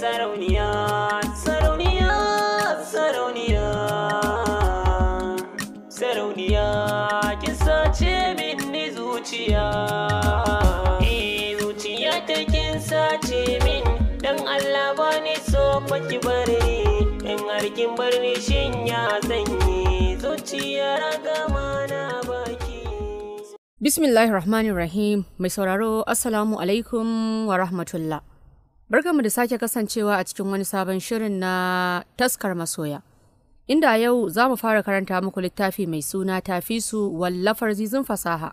sarauniya sarauniya sarauniya sarauniya ki sace minni zuciya eh zuciya ta kisa ce min dan Allah bani so ki bare dan harkin bar ni shin ya sanye zuciya ragama na baki Bismillahir Rahmanir Rahim mai sauraro Assalamu alaikum wa rahmatullah Barkanmu da sake kasancewa a cikin wani sabon shirin na taskar masoya. Inda yau za mu fara karanta muku littafi mai suna tafisu wallafar zizin fasaha.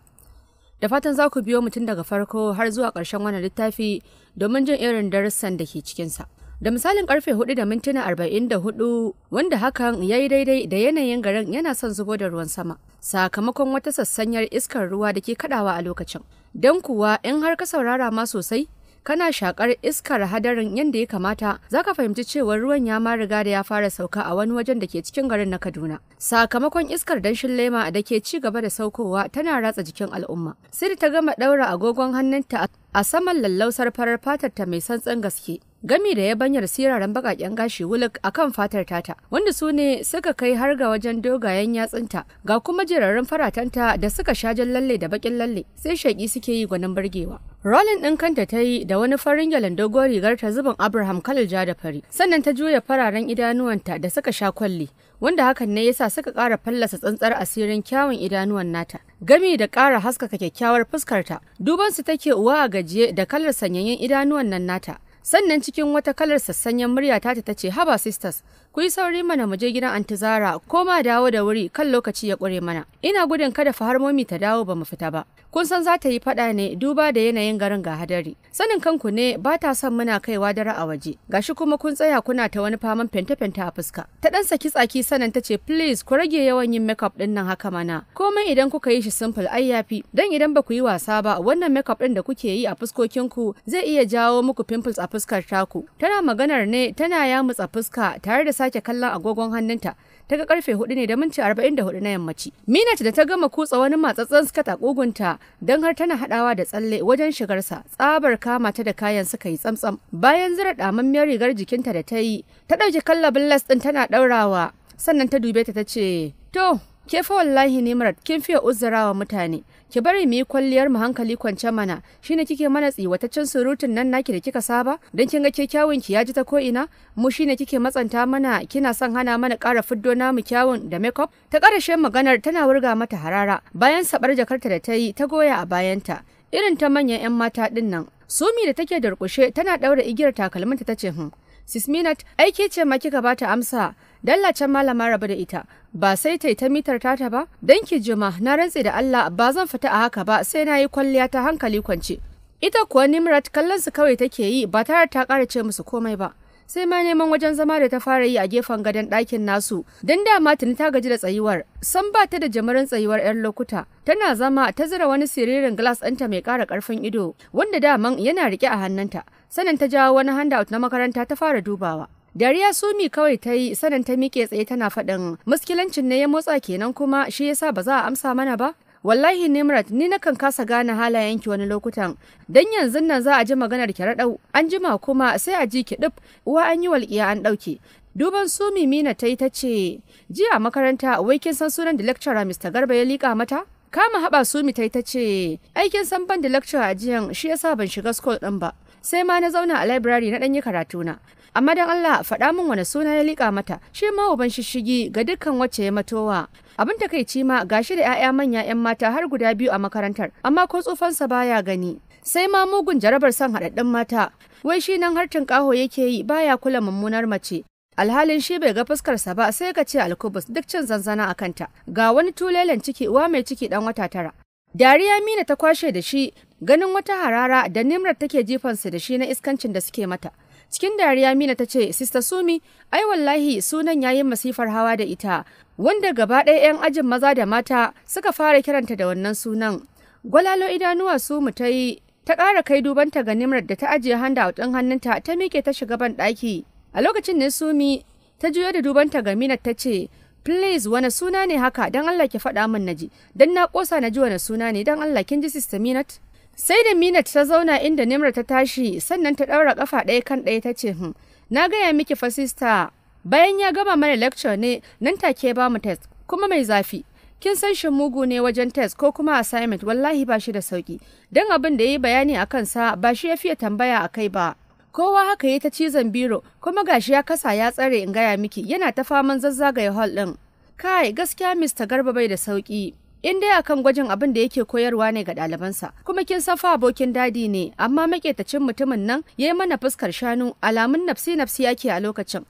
Da fatan za ku biyo mutum daga farko har zuwa ƙarshen wannan littafi domin jin irin darussan da ke cikinsa. Da misalin karfe 4 da mintuna 44 wanda hakan ya yi daidai da yanayin garin yana son zubo da ruwan sama sakamakon wata sassanyar iskar ruwa da ke kaɗawa a lokacin. Don kuwa in har ka saurara ma sosai kana shakar iskar hadarin yadda ya kamata za ka fahimci cewar ruwan ya ma riga da ya fara sauka a wani wajen da ke cikin garin na Kaduna. Sakamakon iskar danshin lema da ke ci gaba da saukowa tana ratsa jikin al'umma. sai ta gama ɗaura agogon hannunta a saman lallausar farar fatar ta mai santsan gaske. Gami da ya banyar siraran bakaken gashi wuluk a kan fatar tata, wanda su ne suka kai har ga wajen dogayen yatsunta, ga kuma jirarin faratanta da suka sha jan lalle da bakin lalle, sai shaƙi suke yi gwanin burgewa. Rolling ɗin kanta ta yi da wani farin gyalan dogon rigar ta zubin Abraham ja da fari, sannan ta juya fararen idanuwanta da suka sha kwalli, wanda hakan ne yasa suka ƙara fallasa tsantsar asirin kyawun idanuwan nata. Gami da kara haskaka kyakkyawar fuskarta, duban su take uwa a gajiye da kalar sanyayen idanuwan nan nata. Sannan cikin wata kalar sassanyen murya ta ta ce Haba Sisters, ku yi sauri mana mu je gidan antizara, zara ko ma dawo da wuri kan lokaci ya kure mana ina gudun kada harmomi ta dawo ba mu fita ba kun san za ta yi faɗa ne duba da yanayin garin ga hadari sanin kanku ne ba ta son muna kaiwa dare a waje gashi kuma kun tsaya kuna ta wani faman fente-fente a fuska ta ɗan saki tsaki sanan ta ce please ku rage yawan yin makeup ɗin nan haka mana komai idan kuka yi shi simple ai yafi dan idan ba ku yi wasa ba wannan makeup ɗin da kuke yi a fuskokinku zai iya jawo muku pimples a fuskar taku tana maganar ne tana yamutsa fuska tare da sake kallon agogon hannunta ta ga karfe hudu ne da minti hudu na yammaci minat da ta gama kutsa wani matsatsen skat a kugunta don har tana hadawa da tsalle wajen shigarsa tsabar kama ta da kayan suka yi tsamtsam bayan zira damammiyar rigar jikinta da ta yi ta ɗauki kallabin las ɗin tana ɗaurawa sannan ta dube ta ta ce to ke fa wallahi ne marat kin fiye wa mutane ki bari mu yi kwalliyar mu hankali kwance mana shine kike mana tsiwataccen surutun nan naki da kika saba don kin ga ke kyawun ki ya ji ta ko ina mu shine kike matsanta mana kina son hana mana ƙara fiddo mu kyawun da makeup ta ƙarshen maganar tana wurga mata harara bayan sabar jakarta da ta yi ta goya a bayanta irin ta manyan 'yan mata ɗin nan sumi da take durƙushe tana ɗaura igiyar takalminta ta ce hun hmm, sisminat aike ce ma kika bata amsa dallacen malama rabu da ita ba sai ta ta mitar tata ba dan ki jima na rantse da Allah ba zan fita a haka ba sai na yi kwalliya ta hankali kwance ita kuwa Nimrat kallon su kawai take yi ba tare ta ƙara ce musu komai ba sai ma neman wajen zama da ta fara yi a gefen gadon ɗakin nasu don dama tuni ta gaji da tsayuwar san ba ta da jimirin tsayuwar 'yan lokuta tana zama ta zira wani siririn glass ɗinta mai ƙara ƙarfin ido wanda daman yana riƙe a hannunta sanin ta jawo wani handout na makaranta ta fara dubawa Dariya sumi kawai ta yi sanin ta miƙe tsaye tana faɗin muskilancin ne ya motsa kenan kuma shi yasa ba za a amsa mana ba? Wallahi Nimrat ni nakan kasa gane halayenki wani lokutan dan yanzu nan za a ji maganar ki raɗau an jima kuma sai a ji ki ɗib uwa an yi walƙiya an ɗauke duban sumi Mina ta yi ta ce jiya makaranta wai kin san sunan da lecturer Mr. Garba ya liƙa mata kama haɓa sumi ta ta ce aikin san da lecture a jiyan shi yasa ban shiga school ɗin ba sai ma na zauna a library na ɗanyi karatuna amma dan Allah faɗa min wani suna ya liƙa mata shi ma uban shishigi ga dukkan wacce ya matowa abin takaici ma gashi da 'ya'ya manya 'yan mata har guda biyu a makarantar amma ko tsufansa baya gani sai ma mugun jarabar son haɗaɗɗun mata wai shi nan harcin tunƙaho yake yi baya kula mummunar mace alhalin shi bai ga fuskarsa ba sai ka ce alkubus duk cin zanzana a kanta ga wani tulelen ciki uwa mai ciki dan wata tara dariya mina ta kwashe da shi ganin wata harara da nimrat take su da shi na iskancin da suke mata cikin dariya mina ta ce sista sumi ai wallahi sunan yayi masifar hawa da ita wanda gaba ɗaya 'yan ajin maza da mata suka fara kiranta da wannan sunan gwalalo idanuwa su mu ta yi ta ƙara kai dubanta ga nimrat da ta ajiye handa ɗin hannunta ta miƙe ta shiga ban ɗaki a lokacin ne sumi ta juyo da dubanta ga minat ta ce please wani suna ne haka don Allah ki faɗa min na ji don na ƙosa na ji wani suna ne don Allah kin ji sister minat sai da minat ta zauna inda nimra ta tashi sannan ta ɗaura ƙafa ɗaya kan ɗaya ta ce hmm, na gaya miki fa sista, bayan ya gama mana lecture ne nan take ba mu test kuma mai zafi kin san shi mugu ne wajen test ko kuma assignment wallahi ba shi da sauki don abin da ya yi bayani a sa ba shi ya fiye tambaya a kai ba kowa haka ya ta cizon biro kuma gashi ya kasa ya tsare in gaya miki yana ta faman zazzagaye hall ɗin kai gaskiya mr garba bai da sauki in dai akan gwajin abin da yake koyarwa ne ga ɗalibansa kuma kin san fa abokin dadi ne amma maƙetacin mutumin nan yayi mana fuskar shanu alamun nafsi nafsi yake a lokacin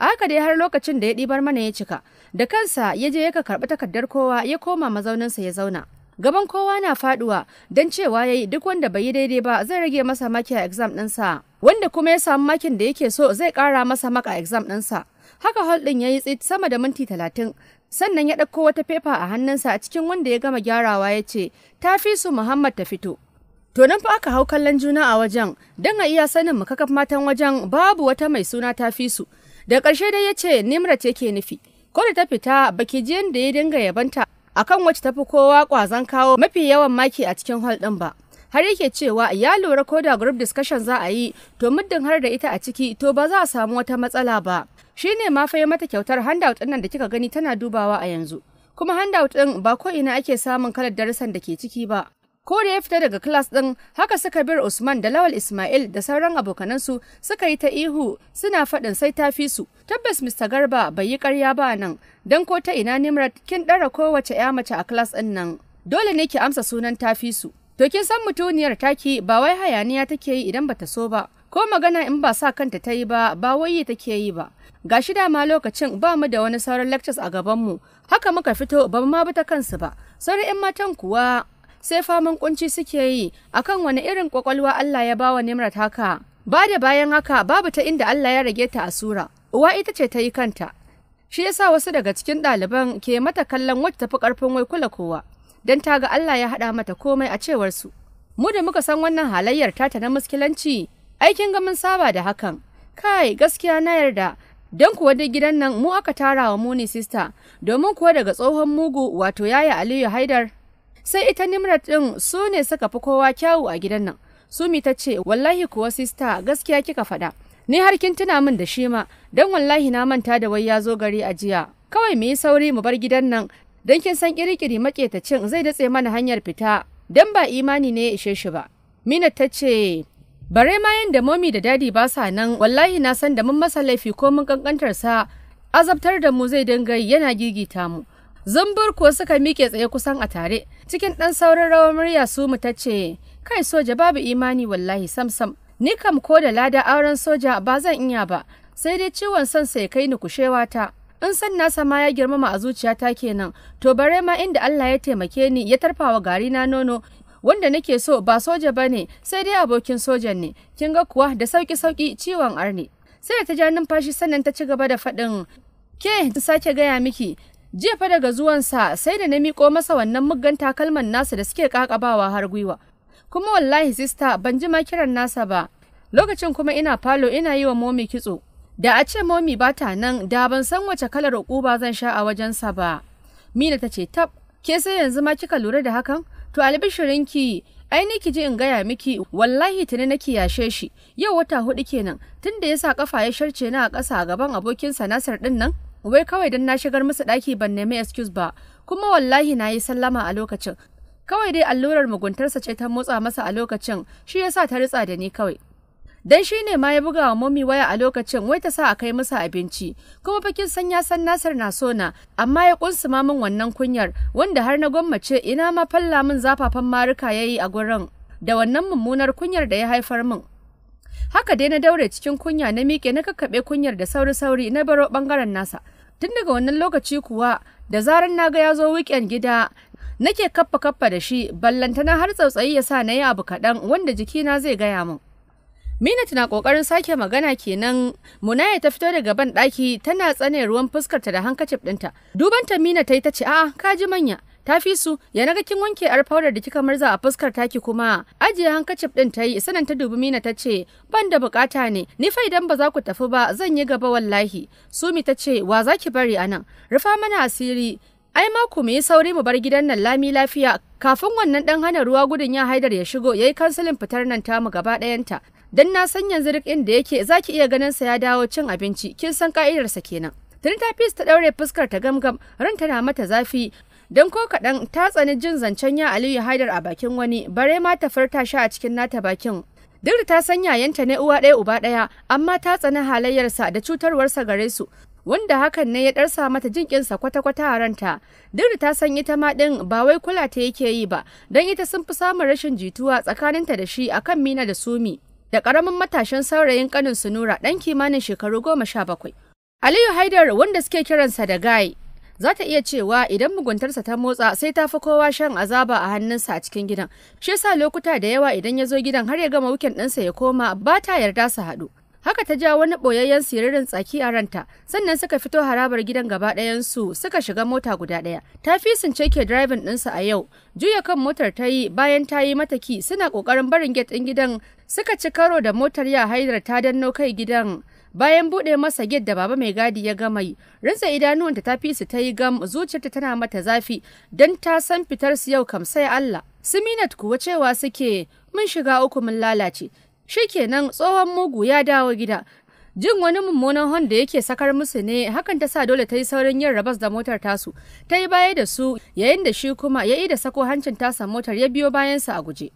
aka dai har lokacin da ya ɗibar mana ya cika da kansa ya je ya karɓi takardar kowa ya koma mazauninsa ya zauna gaban kowa na faduwa don cewa ya yi duk wanda bai yi daidai ba zai rage masa maki a exam ɗinsa wanda kuma ya samu makin da yake so zai kara masa maka a exam ɗinsa haka hall ɗin yi tsit sama da minti talatin sannan ya ɗauko wata fefa a hannunsa a cikin wanda ya gama gyarawa ya ce ta fi su muhammad ta fito To nan fa aka hau kallon juna a wajen, don a iya sanin mu makakaf matan wajen babu wata mai suna ta fi su. Da karshe dai ya ce Nimrat yake nufi, ko da ta fita baki ji da ya dinga yabanta akan wacce tafi kowa kwazon kawo mafi yawan maki a cikin hall ɗin ba. har yake cewa ya lura ko da group discussion za a yi to muddin har da ita a ciki to ba za a samu wata matsala ba shine ma fa mata kyautar handout din nan da kika gani tana dubawa a yanzu kuma handout din ba ko ina ake samun kalar darasan da ke ciki ba Ko da ya fita daga kilas ɗin haka suka bir Usman da Lawal Ismail da sauran abokanansu suka yi ta ihu suna faɗin sai ta fi su. Tabbas Mr. Garba bai yi ƙarya ba nan "Dan ko ta ina Nimrat kin ɗara kowace ya mace a kilas ɗin nan. Dole ne ki amsa sunan tafi su. To kin san mutuniyar taki ba wai hayaniya take yi idan bata so ba. ko magana in ba sa kanta ta yi ba ba wai take yi ba ga shi dama lokacin ba mu da wani sauran lectures a gabanmu haka muka fito ba ma bi ta kansu ba sauran 'yan matan kuwa sai faman kunci suke yi akan wani irin kwakwalwa Allah ya bawa Nimrat haka ba da bayan haka babu ta inda Allah ya rage ta a sura uwa ita ce ta yi kanta shi yasa wasu daga cikin ɗaliban ke mata kallon wacce tafi ƙarfin wai kula kowa don ta ga Allah ya haɗa mata komai a cewar su mu da muka san wannan halayyar ta na muskilanci aikin ga mun saba da hakan kai gaskiya na yarda don kuwa da gidan nan mu aka tara wa muni sista domin kuwa daga tsohon mugu wato yaya aliyu haidar sai ita nimrat ɗin su ne suka fi kowa kyawu a gidan nan sumi ta ce wallahi kuwa sista gaskiya kika faɗa ni har kin tuna min da shi ma don wallahi na manta da wai ya zo gari a jiya kawai mu yi sauri mu bar gidan nan don kin san kirikiri maƙetacin zai datse mana hanyar fita don ba imani ne ya ishe shi ba mina ta ce bare ma yanda momi da dadi ba sa nan wallahi na san da mun masa laifi ko mun kankantar sa azabtar da mu zai dinga yana gigita mu Zumbur kuwa suka miƙe tsaye kusan a tare, cikin ɗan saurin rawar murya su mu ta ce, kai soja babu imani wallahi samsam, ni kam ko da lada auren soja ba zan iya ba, sai dai ciwon son sai kai ni kushewa ta. In san nasa ma ya girmama a zuciyata kenan, to bare ma inda Allah ya taimake ni ya tarfawa gari na nono wanda nake so ba soja ba ne sai dai abokin sojan ne kin ga kuwa da sauki sauki ciwon arne sai ta ja numfashi sannan ta ci gaba da faɗin ke sake gaya miki jiya fa daga zuwansa sai da na miƙo masa wannan muggan takalman nasa da suke kakabawa har gwiwa kuma wallahi sista ban ji ma kiran nasa ba lokacin kuma ina falo ina yi wa momi kitso da a ce momi ba ta nan da ban san wace kalar ukuba zan sha a wajensa ba mina ta ce tab ke sai yanzu ma kika lura da hakan to albishirinki ai ni ki ji in gaya miki wallahi tuni na yashe shi yau wata hudu kenan tunda yasa kafa ya sharce na a ƙasa gaban abokinsa sanasar din nan wai kawai don na shigar musu ɗaki ban nemi excuse ba kuma wallahi na yi sallama a lokacin kawai dai allurar muguntarsa ce ta motsa masa a lokacin shi ya sa ta ritsa da ni kawai dan shi ne ma ya buga wa momi waya a lokacin wai ta sa a kai masa abinci kuma bakin san ya san nasir na so na amma ya ma min wannan kunyar wanda har na gwammace ina ma falla min zafafan maruka yayi a gurin da wannan mummunar kunyar da ya haifar min haka dai na daure cikin kunya na miƙe na kakkaɓe kunyar da sauri-sauri na baro ɓangaren nasa tun daga wannan lokaci kuwa da zarar na ga ya zo wiken gida nake kaffa kaffa da shi ballantana har tsautsayi ya sa na yi abu kaɗan wanda jikina zai gaya min mina na kokarin sake magana kenan Munaya ta fito daga ban ɗaki tana tsane ruwan fuskarta da hankacif ɗinta. Dubanta Mina ta yi ta ce, a'a ka ji manya, Tafisu, ya naga kin wanke ar powder da kika marza a fuskar taki kuma. Ajiye hankacif din ta yi, sanan ta dubi Mina ta ce, "Ban da bukata ne, ni fa idan ba za ku tafi ba, zan yi gaba wallahi." Sumi ta ce, "Wa za ki bari anan? Rufa mana asiri." Ai ma ku mu yi sauri mu bar gidan nan lami lafiya kafin wannan dan hana ruwa gudun ya haidar ya shigo yayi kansalin fitar nan tamu gaba ta Dan na san yanzu duk inda yake zaki iya ganin sa ya dawo cin abinci kin san ka'idarsa kenan. Trinitapis ta daure fuskar ta gamgam ran tana mata zafi don ko kaɗan ta tsani jin zancen ya aliyu haidar a bakin wani bare ma ta farta shi a cikin nata bakin duk da ta san yayanta ne uwa ɗaya uba ɗaya amma ta tsani halayyarsa da cutarwarsa gare su wanda hakan ne ya ɗarsa mata jinkinsa kwata-kwata a ranta duk da ta san ita ma ɗin ba wai kula ta yake yi ba don ita sun fi samun rashin jituwa tsakaninta da shi akan mina da sumi da ƙaramin matashin saurayin ƙanin Nura, ɗan kimanin shekaru goma sha bakwai aliyu haidar wanda suke kiransa da gai za ta iya cewa idan muguntarsa ta motsa sai ta fi kowa shan azaba a hannunsa a cikin gidan shi sa lokuta da yawa idan ya zo gidan har ya gama wukin ɗinsa ya koma ba ta yarda su haɗu haka ta ja wani ɓoyayyen siririn tsaki a ranta sannan suka fito harabar gidan gaba ɗayansu suka shiga mota guda ɗaya ta fi sunce ke driving ɗinsa a yau juya kan motar ta yi bayan ta yi mata suna ƙoƙarin barin gate ɗin gidan suka ci karo da motar ya haidar ta danno kai gidan bayan buɗe masa gate da baba mai gadi ya gama yi rinsa idanuwanta ta fi su ta yi gam zuciyarta tana mata zafi don ta san fitar su yau kam sai Allah Siminat kuwa cewa suke mun shiga uku mun lalace shikenan tsohon mugu ya dawo gida jin wani mummunan hon da yake sakar musu ne hakan ta sa dole ta yi saurin yin rabas da motar tasu ta yi baya da su yayin da shi kuma ya yi da sako hancin tasa motar ya biyo bayansa a guje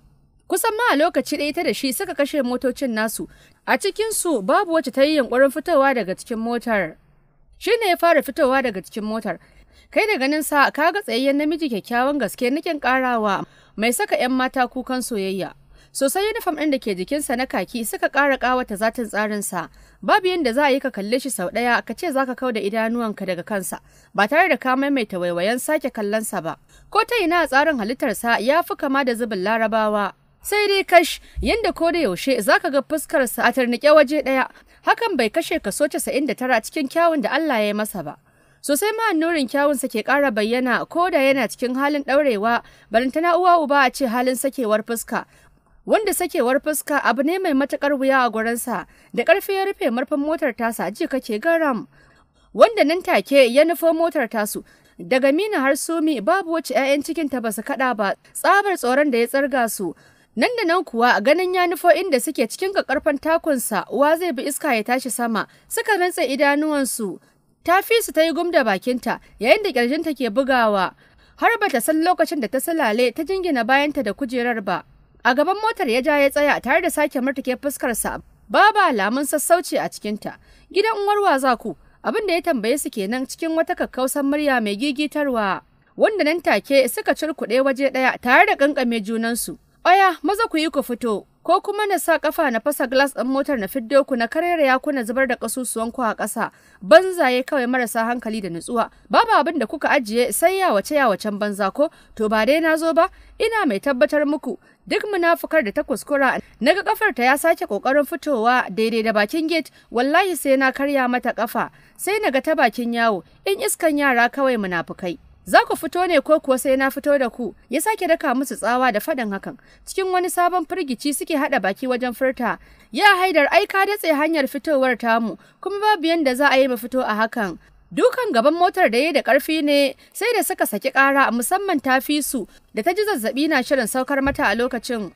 kusan ma a lokaci ɗaya ta da shi suka kashe motocin nasu a cikinsu babu wacce ta yi yunkurin fitowa daga cikin motar shi ne ya fara fitowa daga cikin motar kai da ganin sa ka ga tsayayyen namiji kyakkyawan gaske nikin karawa mai saka 'yan mata kukan soyayya sosai uniform ɗin da ke jikinsa na kaki suka ƙara ƙawata zatin tsarinsa babu yadda za a yi ka kalle shi sau ɗaya ka ce za ka kau da idanuwanka daga kansa ba tare da ka maimaita waiwayen sake kallonsa ba ko ta ina a tsarin halittarsa ya fi kama da zubin larabawa sai dai kash yadda ko da yaushe zaka ga fuskarsa a tarnike waje ɗaya hakan bai kashe kaso tara cikin kyawun da Allah ya yi masa ba sosai ma nurin sa ke ƙara bayyana ko da yana cikin halin ɗaurewa barantana uwa uba a ce halin sakewar fuska wanda sakewar fuska abu ne mai matuƙar wuya a gurinsa da ƙarfi ya rufe murfin motar tasa ji kake garam wanda nan take ya nufo motar tasu daga mina har sumi babu wacce 'ya'yan cikinta ba su kaɗa ba tsabar tsoron da ya tsarga su Nan da nan kuwa a ganin ya nufo inda suke cikin kakarfan takunsa uwa zai bi iska ya tashi sama suka rantsa idanuwansu ta fi su ta yi gumda bakinta yayin da ƙirjinta ke bugawa har ba ta san lokacin da ta salale ta jingina bayanta da kujerar ba. A gaban motar ya ja ya tsaya tare da sake murtuke fuskarsa ba alamun sassauci a cikinta. Gidan uwar waza ku abin da ya tambaye su kenan cikin wata kakkausar murya mai gigitarwa. Wanda nan take suka curkuɗe waje ɗaya tare da ƙanƙame junansu. Oya, maza ku yi ku fito, ko kuma na sa kafa na fasa glass ɗin motar na fiddo ku na karera ya kuna zubar da kasusuwan ku a ƙasa. Banzaye kawai marasa hankali da nutsuwa. Babu abin da kuka ajiye sai ya wace ya wacen banza ko to ba dai na zo ba ina mai tabbatar muku duk munafukar da ta kuskura naga kafar ta ya sake kokarin fitowa daidai da bakin gate wallahi sai na karya mata kafa sai naga ta bakin yawo in iskan yara kawai munafukai. Za ku fito ne ko kuwa sai na fito da ku, ya sake daka musu tsawa da faɗin hakan. Cikin wani sabon firgici suke haɗa baki wajen furta, ya haidar aika ka datse hanyar fitowar tamu, kuma babu yadda za a yi mu fito a hakan. Dukan gaban motar da ya da ƙarfi ne sai da suka saki ƙara musamman ta fi su da ta ji zazzaɓi na shirin saukar mata a lokacin.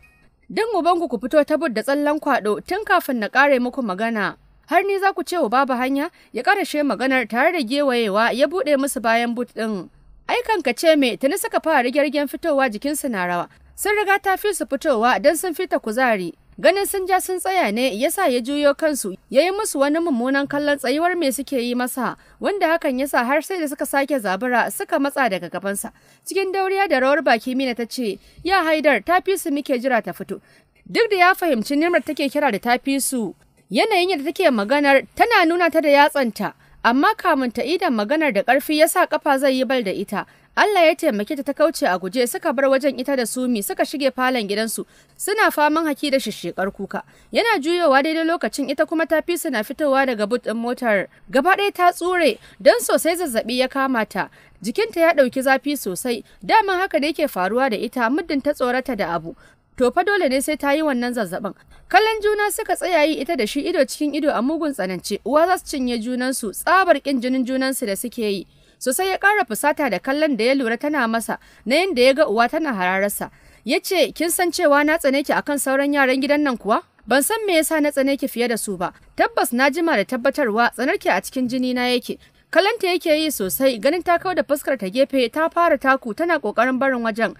Dan ubanku ku fito ta da tsallan kwaɗo tun kafin na kare muku magana. har ni za ku ce wa babu hanya ya karashe maganar tare da gewayewa ya buɗe musu bayan but ɗin. ai kanka ce me tuni suka fara rigirgen fitowa jikinsu na rawa sun riga ta fi su fitowa don sun fita kuzari ganin sun ja sun tsaya ne yasa ya juyo kansu ya yi musu wani mummunan kallon tsayuwar me suke yi masa wanda hakan yasa har sai da suka sake zabura suka matsa daga gabansa cikin dauriya da rawar baki mina ta ce ya haidar ta fi su muke jira ta fito duk da ya fahimci nimar take kira da ta fi su yanayin yadda take maganar tana nuna ta da yatsanta amma kamun ta idan maganar da ƙarfi ya sa ƙafa zai yi bal da ita Allah ya taimake ta ta kauce a guje suka bar wajen ita da sumi suka shige falon gidansu suna faman haki da shishekar kuka yana juyowa daidai lokacin ita kuma ta fi suna fitowa daga but motar gaba ɗaya ta tsure don sosai zazzaɓi ya kama ta jikinta ya ɗauki zafi sosai daman haka da yake faruwa da ita muddin ta tsorata da abu to fa dole ne sai ta yi wannan zazzabin kallon juna suka tsaya yi ita da shi ido cikin ido a mugun tsanance uwa za su cinye junansu tsabar kin jinin junansu da suke yi sosai ya ƙara fusata da kallon da ya lura tana masa na yadda ya ga uwa tana hararsa ya ce kin san cewa na tsane ki akan sauran yaran gidan nan kuwa ban san me yasa na tsane ki fiye da su ba tabbas na jima da tabbatarwa tsanarki a cikin jini na yake kalanta yake yi sosai ganin ta kawo da fuskar ta gefe ta fara taku tana kokarin barin wajen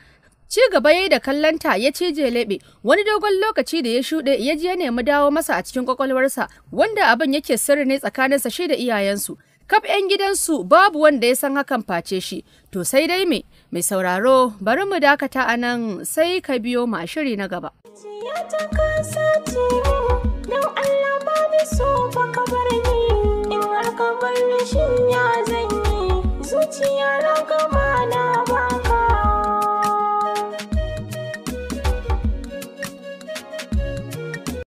ci gaba yayi da kallanta ya cije jelebe wani dogon lokaci da ya shuɗe ya je ne mu dawo masa a cikin kwakwalwarsa wanda abin yake sirri ne sa shi da iyayensu kaf 'yan gidansu babu wanda ya san hakan face shi to sai dai me mai sauraro bari mu dakata a nan sai ka biyo ma shiri na gaba Zuciya na gama na